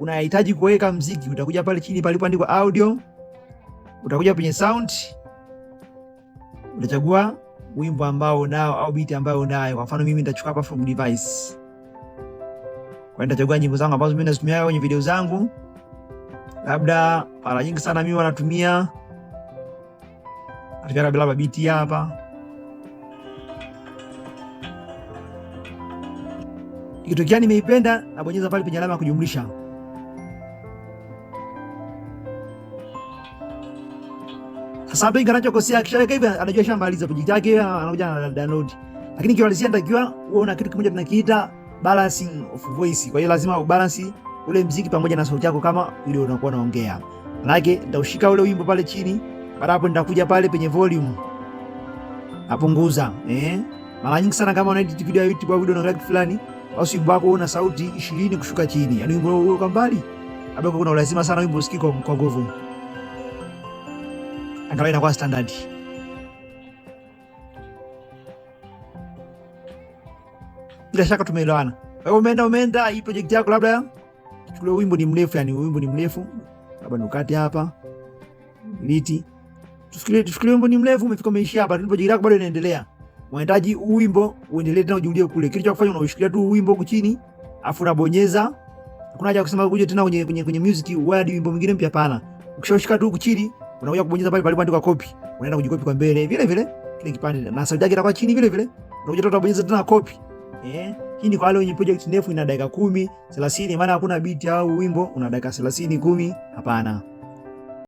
unahitaji kuweka mziki, utakuja pale chini palipoandikwa audio, utakuja kwenye sound, utachagua wimbo ambao unao au beat ambayo unayo. Kwa mfano mimi nitachukua hapa from device, kwa hiyo nitachagua nyimbo zangu ambazo mimi nazitumia kwenye video zangu. Labda mara nyingi sana mimi wanatumia labda labda beat hapa ikitokea nimeipenda, nabonyeza pale penye alama ya kujumlisha. sababu ingi anachokosea akishareka hivi anajua shamaliza project yake, anakuja na download. Lakini kiwalisia nitakiwa uwe kitu kimoja tunakiita balancing of voice. Kwa hiyo lazima ubalance ule mziki pamoja na sauti yako kama ile unakuwa unaongea. Maanake nitaushika ule wimbo pale chini, baada hapo nitakuja pale penye volume. Napunguza, eh? Mara nyingi sana kama unaedit video ya YouTube au video unaangalia kitu fulani, basi wimbo wako una sauti 20 kushuka chini. Yaani wimbo uko mbali. Labda kuna ulazima sana wimbo usikike kwa nguvu akaweka kwa standard. Bila shaka tumeelewana. Wewe umeenda umeenda, hii project yako labda chukua wimbo ni mrefu, yani wimbo ni mrefu, labda nukate hapa liti, tusikilie tusikilie, wimbo ni mrefu, umefika umeishia hapa, ndipo project yako bado inaendelea. Unahitaji wimbo uendelee tena, ujirudie kule. Kile cha kufanya unaushikilia tu wimbo huko chini, afu unabonyeza. Kuna haja kusema kuja tena kwenye kwenye kwenye music wadi wimbo mwingine mpya, pana. Ukishoshika tu huko chini unakuja kubonyeza pale palipoandikwa copy, unaenda kujikopi kwa mbele vile vile, kile kipande na sauti yake itakuwa chini vile vile. Unakuja tu kubonyeza tena copy. Eh, hii ni kwa wale wenye project ndefu ina dakika 10, 30, maana hakuna beat au wimbo una dakika 30 10. Hapana.